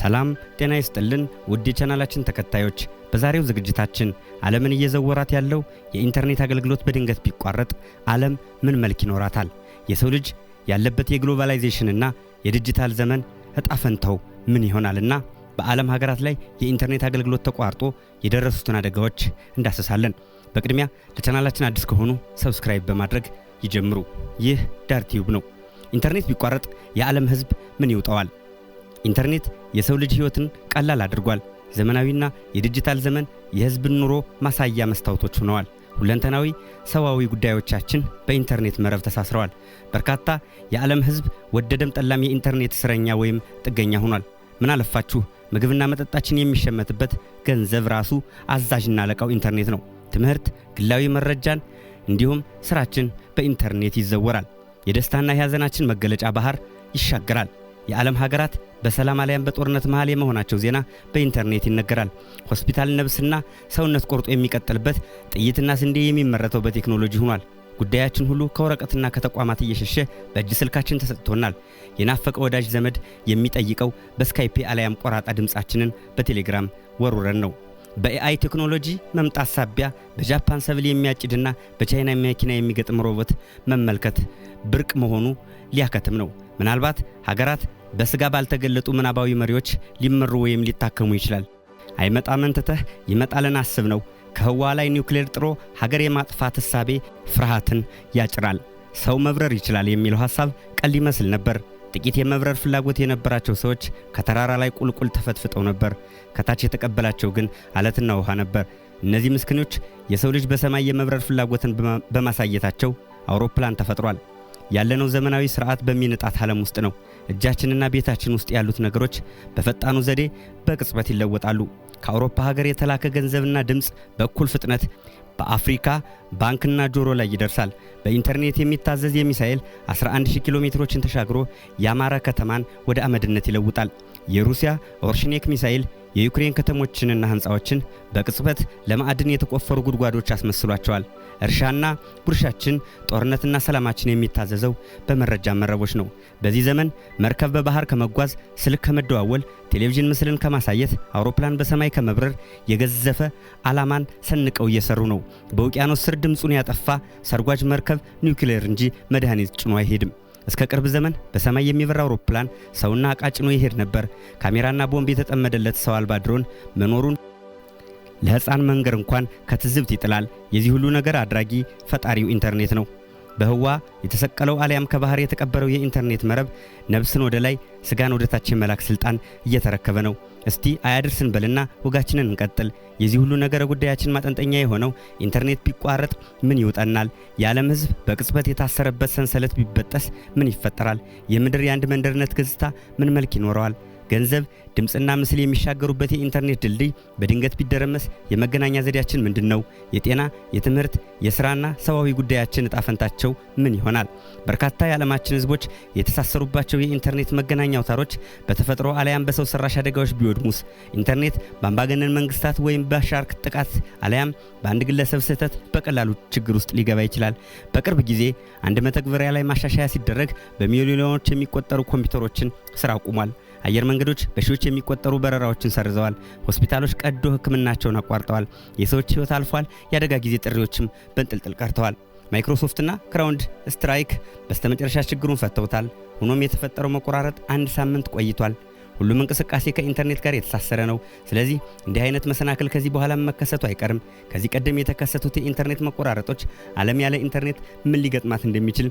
ሰላም ጤና ይስጥልን ውድ የቻናላችን ተከታዮች፣ በዛሬው ዝግጅታችን ዓለምን እየዘወራት ያለው የኢንተርኔት አገልግሎት በድንገት ቢቋረጥ ዓለም ምን መልክ ይኖራታል? የሰው ልጅ ያለበት የግሎባላይዜሽንና የዲጂታል ዘመን ዕጣ ፈንታው ምን ይሆናልና በዓለም ሀገራት ላይ የኢንተርኔት አገልግሎት ተቋርጦ የደረሱትን አደጋዎች እንዳሰሳለን። በቅድሚያ ለቻናላችን አዲስ ከሆኑ ሰብስክራይብ በማድረግ ይጀምሩ። ይህ ዳርቲዩብ ነው። ኢንተርኔት ቢቋረጥ የዓለም ህዝብ ምን ይውጠዋል? ኢንተርኔት የሰው ልጅ ሕይወትን ቀላል አድርጓል። ዘመናዊና የዲጂታል ዘመን የሕዝብን ኑሮ ማሳያ መስታወቶች ሆነዋል። ሁለንተናዊ ሰዋዊ ጉዳዮቻችን በኢንተርኔት መረብ ተሳስረዋል። በርካታ የዓለም ሕዝብ ወደደም ጠላም የኢንተርኔት እስረኛ ወይም ጥገኛ ሆኗል። ምን አለፋችሁ ምግብና መጠጣችን የሚሸመትበት ገንዘብ ራሱ አዛዥና አለቃው ኢንተርኔት ነው። ትምህርት፣ ግላዊ መረጃን እንዲሁም ስራችን በኢንተርኔት ይዘወራል። የደስታና የሐዘናችን መገለጫ ባህር ይሻገራል። የዓለም ሀገራት በሰላም አሊያም በጦርነት መሃል የመሆናቸው ዜና በኢንተርኔት ይነገራል። ሆስፒታል ነብስና ሰውነት ቆርጦ የሚቀጥልበት ጥይትና ስንዴ የሚመረተው በቴክኖሎጂ ሆኗል። ጉዳያችን ሁሉ ከወረቀትና ከተቋማት እየሸሸ በእጅ ስልካችን ተሰጥቶናል። የናፈቀ ወዳጅ ዘመድ የሚጠይቀው በስካይፔ አለያም ቆራጣ ድምፃችንን በቴሌግራም ወሩረን ነው። በኤአይ ቴክኖሎጂ መምጣት ሳቢያ በጃፓን ሰብል የሚያጭድና በቻይና መኪና የሚገጥም ሮቦት መመልከት ብርቅ መሆኑ ሊያከትም ነው። ምናልባት ሀገራት በሥጋ ባልተገለጡ ምናባዊ መሪዎች ሊመሩ ወይም ሊታከሙ ይችላል። አይመጣ ትተህ ይመጣልን አስብ ነው። ከህዋ ላይ ኒውክሌር ጥሮ ሀገር የማጥፋት እሳቤ ፍርሃትን ያጭራል። ሰው መብረር ይችላል የሚለው ሐሳብ ቀል ይመስል ነበር። ጥቂት የመብረር ፍላጎት የነበራቸው ሰዎች ከተራራ ላይ ቁልቁል ተፈትፍጠው ነበር። ከታች የተቀበላቸው ግን አለትና ውሃ ነበር። እነዚህ ምስኪኖች የሰው ልጅ በሰማይ የመብረር ፍላጎትን በማሳየታቸው አውሮፕላን ተፈጥሯል። ያለነው ዘመናዊ ስርዓት በሚንጣት ዓለም ውስጥ ነው። እጃችንና ቤታችን ውስጥ ያሉት ነገሮች በፈጣኑ ዘዴ በቅጽበት ይለወጣሉ። ከአውሮፓ ሀገር የተላከ ገንዘብና ድምፅ በኩል ፍጥነት በአፍሪካ ባንክና ጆሮ ላይ ይደርሳል። በኢንተርኔት የሚታዘዝ የሚሳኤል 11000 ኪሎ ሜትሮችን ተሻግሮ የአማራ ከተማን ወደ አመድነት ይለውጣል። የሩሲያ ኦርሽኔክ ሚሳኤል የዩክሬን ከተሞችንና ሕንፃዎችን በቅጽበት ለማዕድን የተቆፈሩ ጉድጓዶች አስመስሏቸዋል። እርሻና ጉርሻችን፣ ጦርነትና ሰላማችን የሚታዘዘው በመረጃ መረቦች ነው። በዚህ ዘመን መርከብ በባህር ከመጓዝ፣ ስልክ ከመደዋወል፣ ቴሌቪዥን ምስልን ከማሳየት፣ አውሮፕላን በሰማይ ከመብረር የገዘፈ ዓላማን ሰንቀው እየሰሩ ነው። በውቅያኖስ ስር ድምፁን ያጠፋ ሰርጓጅ መርከብ ኒውክሌር እንጂ መድኃኒት ጭኖ አይሄድም። እስከ ቅርብ ዘመን በሰማይ የሚበር አውሮፕላን ሰውና ዕቃ ጭኖ ይሄድ ነበር። ካሜራና ቦምብ የተጠመደለት ሰው አልባ ድሮን መኖሩን ለሕፃን መንገር እንኳን ከትዝብት ይጥላል። የዚህ ሁሉ ነገር አድራጊ ፈጣሪው ኢንተርኔት ነው። በህዋ የተሰቀለው አሊያም ከባህር የተቀበረው የኢንተርኔት መረብ ነብስን ወደ ላይ ስጋን ወደ ታች የመላክ ስልጣን እየተረከበ ነው። እስቲ አያደርስን በልና ወጋችንን እንቀጥል። የዚህ ሁሉ ነገረ ጉዳያችን ማጠንጠኛ የሆነው ኢንተርኔት ቢቋረጥ ምን ይውጠናል? የዓለም ሕዝብ በቅጽበት የታሰረበት ሰንሰለት ቢበጠስ ምን ይፈጠራል? የምድር የአንድ መንደርነት ገጽታ ምን መልክ ይኖረዋል? ገንዘብ፣ ድምፅና ምስል የሚሻገሩበት የኢንተርኔት ድልድይ በድንገት ቢደረመስ የመገናኛ ዘዴያችን ምንድን ነው? የጤና፣ የትምህርት፣ የስራና ሰብአዊ ጉዳያችን እጣፈንታቸው ምን ይሆናል? በርካታ የዓለማችን ሕዝቦች የተሳሰሩባቸው የኢንተርኔት መገናኛ አውታሮች በተፈጥሮ አለያም በሰው ሰራሽ አደጋዎች ቢወድሙስ? ኢንተርኔት በአምባገነን መንግስታት ወይም በሻርክ ጥቃት አለያም በአንድ ግለሰብ ስህተት በቀላሉ ችግር ውስጥ ሊገባ ይችላል። በቅርብ ጊዜ አንድ መተግበሪያ ላይ ማሻሻያ ሲደረግ በሚሊዮኖች የሚቆጠሩ ኮምፒውተሮችን ስራ አቁሟል። አየር መንገዶች በሺዎች የሚቆጠሩ በረራዎችን ሰርዘዋል። ሆስፒታሎች ቀዶ ሕክምናቸውን አቋርጠዋል። የሰዎች ሕይወት አልፏል። የአደጋ ጊዜ ጥሪዎችም በንጥልጥል ቀርተዋል። ማይክሮሶፍትና ክራውንድ ስትራይክ በስተመጨረሻ ችግሩን ፈተውታል። ሆኖም የተፈጠረው መቆራረጥ አንድ ሳምንት ቆይቷል። ሁሉም እንቅስቃሴ ከኢንተርኔት ጋር የተሳሰረ ነው። ስለዚህ እንዲህ አይነት መሰናክል ከዚህ በኋላ መከሰቱ አይቀርም። ከዚህ ቀደም የተከሰቱት የኢንተርኔት መቆራረጦች ዓለም ያለ ኢንተርኔት ምን ሊገጥማት እንደሚችል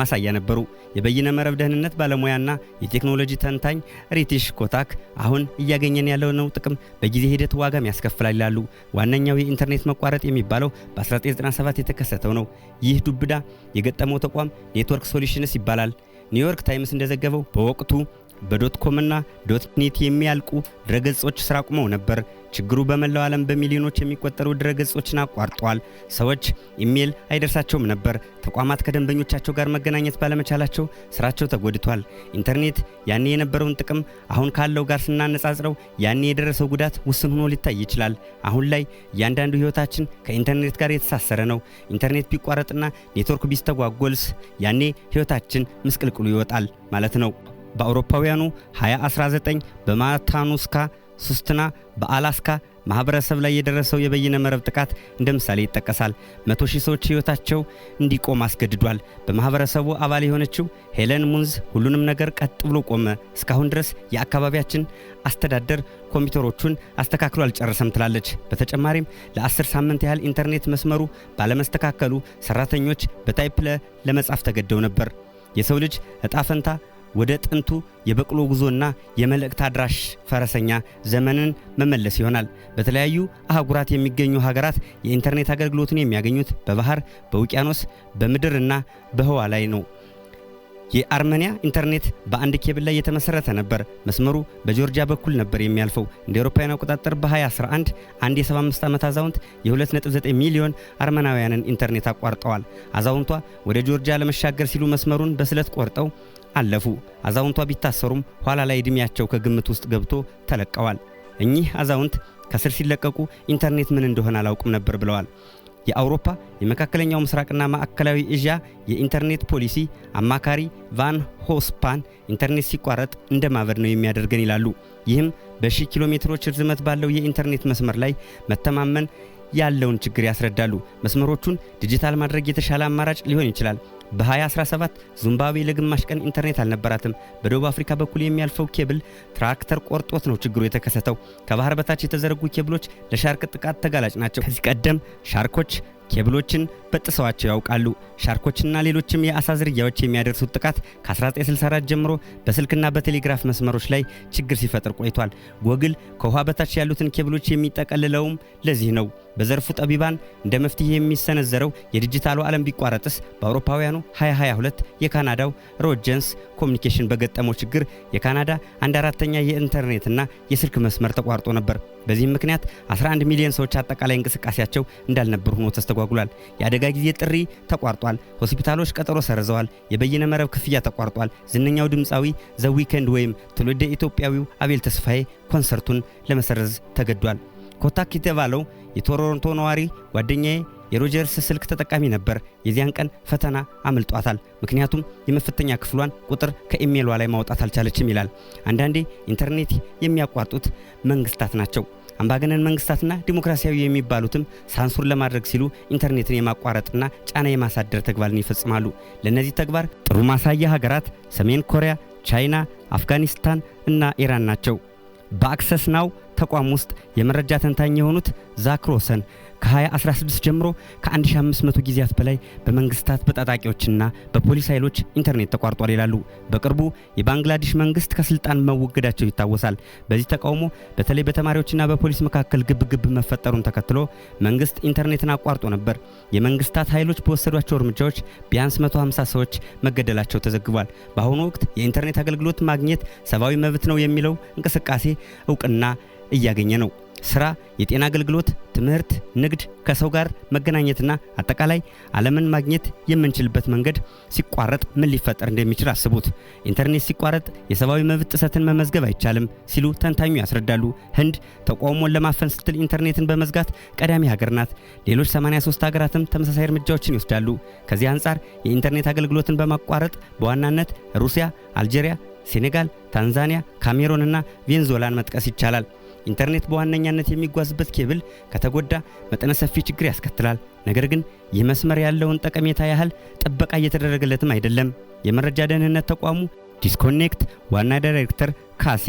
ማሳያ ነበሩ። የበይነ መረብ ደህንነት ባለሙያና የቴክኖሎጂ ተንታኝ ሪቲሽ ኮታክ አሁን እያገኘን ያለነው ጥቅም በጊዜ ሂደት ዋጋም ያስከፍላል ይላሉ። ዋነኛው የኢንተርኔት መቋረጥ የሚባለው በ1997 የተከሰተው ነው። ይህ ዱብዳ የገጠመው ተቋም ኔትወርክ ሶሉሽንስ ይባላል። ኒውዮርክ ታይምስ እንደዘገበው በወቅቱ በዶትኮምና ዶትኔት የሚያልቁ ድረገጾች ስራ አቁመው ነበር። ችግሩ በመላው ዓለም በሚሊዮኖች የሚቆጠሩ ድረገጾችን አቋርጧል። ሰዎች ኢሜል አይደርሳቸውም ነበር። ተቋማት ከደንበኞቻቸው ጋር መገናኘት ባለመቻላቸው ስራቸው ተጎድቷል። ኢንተርኔት ያኔ የነበረውን ጥቅም አሁን ካለው ጋር ስናነጻጽረው ያኔ የደረሰው ጉዳት ውስን ሆኖ ሊታይ ይችላል። አሁን ላይ እያንዳንዱ ሕይወታችን ከኢንተርኔት ጋር የተሳሰረ ነው። ኢንተርኔት ቢቋረጥና ኔትወርክ ቢስተጓጎልስ ያኔ ሕይወታችን ምስቅልቅሉ ይወጣል ማለት ነው። በአውሮፓውያኑ 2019 በማታኑስካ ሱስትና በአላስካ ማህበረሰብ ላይ የደረሰው የበይነ መረብ ጥቃት እንደ ምሳሌ ይጠቀሳል። መቶ ሺህ ሰዎች ሕይወታቸው እንዲቆም አስገድዷል። በማህበረሰቡ አባል የሆነችው ሄለን ሙንዝ ሁሉንም ነገር ቀጥ ብሎ ቆመ። እስካሁን ድረስ የአካባቢያችን አስተዳደር ኮምፒውተሮቹን አስተካክሎ አልጨረሰም ትላለች። በተጨማሪም ለአስር ሳምንት ያህል ኢንተርኔት መስመሩ ባለመስተካከሉ ሰራተኞች በታይፕ ለመጻፍ ተገደው ነበር። የሰው ልጅ እጣ ፈንታ ወደ ጥንቱ የበቅሎ ጉዞና የመልእክት አድራሽ ፈረሰኛ ዘመንን መመለስ ይሆናል። በተለያዩ አህጉራት የሚገኙ ሀገራት የኢንተርኔት አገልግሎትን የሚያገኙት በባህር፣ በውቅያኖስ፣ በምድርና በህዋ ላይ ነው። የአርመኒያ ኢንተርኔት በአንድ ኬብል ላይ የተመሰረተ ነበር። መስመሩ በጆርጂያ በኩል ነበር የሚያልፈው። እንደ አውሮፓውያን አቆጣጠር በ2011 አንድ የ75 ዓመት አዛውንት የ2.9 ሚሊዮን አርመናውያንን ኢንተርኔት አቋርጠዋል። አዛውንቷ ወደ ጆርጂያ ለመሻገር ሲሉ መስመሩን በስለት ቆርጠው አለፉ። አዛውንቷ ቢታሰሩም ኋላ ላይ ዕድሜያቸው ከግምት ውስጥ ገብቶ ተለቀዋል። እኚህ አዛውንት ከስር ሲለቀቁ ኢንተርኔት ምን እንደሆነ አላውቅም ነበር ብለዋል። የአውሮፓ የመካከለኛው ምስራቅና ማዕከላዊ እስያ የኢንተርኔት ፖሊሲ አማካሪ ቫን ሆስፓን ኢንተርኔት ሲቋረጥ እንደ ማበድ ነው የሚያደርገን ይላሉ። ይህም በሺህ ኪሎ ሜትሮች ርዝመት ባለው የኢንተርኔት መስመር ላይ መተማመን ያለውን ችግር ያስረዳሉ። መስመሮቹን ዲጂታል ማድረግ የተሻለ አማራጭ ሊሆን ይችላል። በ2017 ዚምባብዌ ለግማሽ ቀን ኢንተርኔት አልነበራትም። በደቡብ አፍሪካ በኩል የሚያልፈው ኬብል ትራክተር ቆርጦት ነው ችግሩ የተከሰተው። ከባህር በታች የተዘረጉ ኬብሎች ለሻርክ ጥቃት ተጋላጭ ናቸው። ከዚህ ቀደም ሻርኮች ኬብሎችን በጥሰዋቸው ያውቃሉ። ሻርኮችና ሌሎችም የአሳ ዝርያዎች የሚያደርሱት ጥቃት ከ1964 ጀምሮ በስልክና በቴሌግራፍ መስመሮች ላይ ችግር ሲፈጥር ቆይቷል። ጎግል ከውሃ በታች ያሉትን ኬብሎች የሚጠቀልለውም ለዚህ ነው። በዘርፉ ጠቢባን እንደ መፍትሄ የሚሰነዘረው የዲጂታሉ ዓለም ቢቋረጥስ በአውሮፓውያኑ 2022 የካናዳው ሮጀንስ ኮሚኒኬሽን በገጠመው ችግር የካናዳ አንድ አራተኛ የኢንተርኔትና የስልክ መስመር ተቋርጦ ነበር። በዚህም ምክንያት 11 ሚሊዮን ሰዎች አጠቃላይ እንቅስቃሴያቸው እንዳልነበር ሆኖ ተስተጓጉሏል። የአደጋ ጊዜ ጥሪ ተቋርጧል። ሆስፒታሎች ቀጠሮ ሰርዘዋል። የበይነ መረብ ክፍያ ተቋርጧል። ዝነኛው ድምፃዊ ዘዊከንድ ወይም ትውልደ ኢትዮጵያዊው አቤል ተስፋዬ ኮንሰርቱን ለመሰረዝ ተገዷል። ኮታክ የተባለው የቶሮንቶ ነዋሪ ጓደኛዬ የሮጀርስ ስልክ ተጠቃሚ ነበር። የዚያን ቀን ፈተና አምልጧታል። ምክንያቱም የመፈተኛ ክፍሏን ቁጥር ከኢሜይሏ ላይ ማውጣት አልቻለችም ይላል። አንዳንዴ ኢንተርኔት የሚያቋርጡት መንግስታት ናቸው። አምባገነን መንግስታትና ዲሞክራሲያዊ የሚባሉትም ሳንሱር ለማድረግ ሲሉ ኢንተርኔትን የማቋረጥና ጫና የማሳደር ተግባርን ይፈጽማሉ። ለእነዚህ ተግባር ጥሩ ማሳያ ሀገራት ሰሜን ኮሪያ፣ ቻይና፣ አፍጋኒስታን እና ኢራን ናቸው። በአክሰስ ናው ተቋም ውስጥ የመረጃ ተንታኝ የሆኑት ዛክሮሰን ከ2016 ጀምሮ ከ1500 ጊዜያት በላይ በመንግስታት በጣጣቂዎችና በፖሊስ ኃይሎች ኢንተርኔት ተቋርጧል ይላሉ። በቅርቡ የባንግላዴሽ መንግስት ከስልጣን መወገዳቸው ይታወሳል። በዚህ ተቃውሞ በተለይ በተማሪዎችና በፖሊስ መካከል ግብግብ መፈጠሩን ተከትሎ መንግስት ኢንተርኔትን አቋርጦ ነበር። የመንግስታት ኃይሎች በወሰዷቸው እርምጃዎች ቢያንስ 150 ሰዎች መገደላቸው ተዘግቧል። በአሁኑ ወቅት የኢንተርኔት አገልግሎት ማግኘት ሰብአዊ መብት ነው የሚለው እንቅስቃሴ እውቅና እያገኘ ነው። ስራ፣ የጤና አገልግሎት፣ ትምህርት፣ ንግድ፣ ከሰው ጋር መገናኘትና አጠቃላይ ዓለምን ማግኘት የምንችልበት መንገድ ሲቋረጥ ምን ሊፈጠር እንደሚችል አስቡት። ኢንተርኔት ሲቋረጥ የሰብአዊ መብት ጥሰትን መመዝገብ አይቻልም ሲሉ ተንታኙ ያስረዳሉ። ህንድ ተቃውሞን ለማፈን ስትል ኢንተርኔትን በመዝጋት ቀዳሚ ሀገር ናት። ሌሎች 83 ሀገራትም ተመሳሳይ እርምጃዎችን ይወስዳሉ። ከዚህ አንጻር የኢንተርኔት አገልግሎትን በማቋረጥ በዋናነት ሩሲያ፣ አልጄሪያ፣ ሴኔጋል፣ ታንዛኒያ፣ ካሜሮንና ቬንዙዌላን መጥቀስ ይቻላል። ኢንተርኔት በዋነኛነት የሚጓዝበት ኬብል ከተጎዳ መጠነ ሰፊ ችግር ያስከትላል። ነገር ግን ይህ መስመር ያለውን ጠቀሜታ ያህል ጥበቃ እየተደረገለትም አይደለም። የመረጃ ደህንነት ተቋሙ ዲስኮኔክት ዋና ዳይሬክተር ካሲ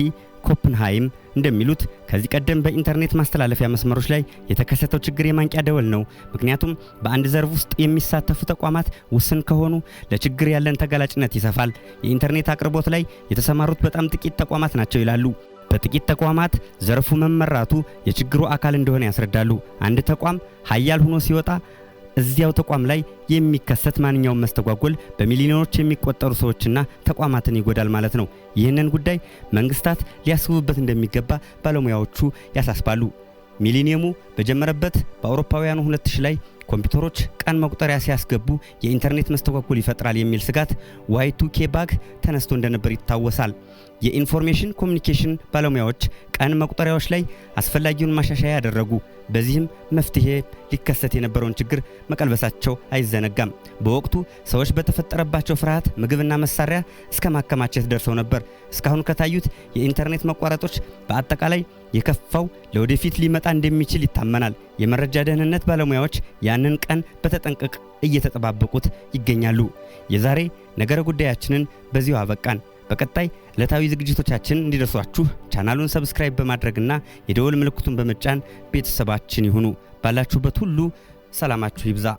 ኮፕንሃይም እንደሚሉት ከዚህ ቀደም በኢንተርኔት ማስተላለፊያ መስመሮች ላይ የተከሰተው ችግር የማንቂያ ደወል ነው። ምክንያቱም በአንድ ዘርፍ ውስጥ የሚሳተፉ ተቋማት ውስን ከሆኑ ለችግር ያለን ተጋላጭነት ይሰፋል። የኢንተርኔት አቅርቦት ላይ የተሰማሩት በጣም ጥቂት ተቋማት ናቸው ይላሉ። በጥቂት ተቋማት ዘርፉ መመራቱ የችግሩ አካል እንደሆነ ያስረዳሉ። አንድ ተቋም ሀያል ሆኖ ሲወጣ እዚያው ተቋም ላይ የሚከሰት ማንኛውም መስተጓጎል በሚሊዮኖች የሚቆጠሩ ሰዎችና ተቋማትን ይጎዳል ማለት ነው። ይህንን ጉዳይ መንግስታት ሊያስቡበት እንደሚገባ ባለሙያዎቹ ያሳስባሉ። ሚሊኒየሙ በጀመረበት በአውሮፓውያኑ 2000 ላይ ኮምፒውተሮች ቀን መቁጠሪያ ሲያስገቡ የኢንተርኔት መስተጓጎል ይፈጥራል የሚል ስጋት ዋይቱኬ ቱ ባግ ተነስቶ እንደነበር ይታወሳል። የኢንፎርሜሽን ኮሚኒኬሽን ባለሙያዎች ቀን መቁጠሪያዎች ላይ አስፈላጊውን ማሻሻያ ያደረጉ፣ በዚህም መፍትሄ ሊከሰት የነበረውን ችግር መቀልበሳቸው አይዘነጋም። በወቅቱ ሰዎች በተፈጠረባቸው ፍርሃት ምግብና መሳሪያ እስከ ማከማቸት ደርሰው ነበር። እስካሁን ከታዩት የኢንተርኔት መቋረጦች በአጠቃላይ የከፋው ለወደፊት ሊመጣ እንደሚችል ይታመናል። የመረጃ ደህንነት ባለሙያዎች ያንን ቀን በተጠንቀቅ እየተጠባበቁት ይገኛሉ። የዛሬ ነገረ ጉዳያችንን በዚሁ አበቃን። በቀጣይ ዕለታዊ ዝግጅቶቻችን እንዲደርሷችሁ ቻናሉን ሰብስክራይብ በማድረግና የደወል ምልክቱን በመጫን ቤተሰባችን ይሁኑ። ባላችሁበት ሁሉ ሰላማችሁ ይብዛ።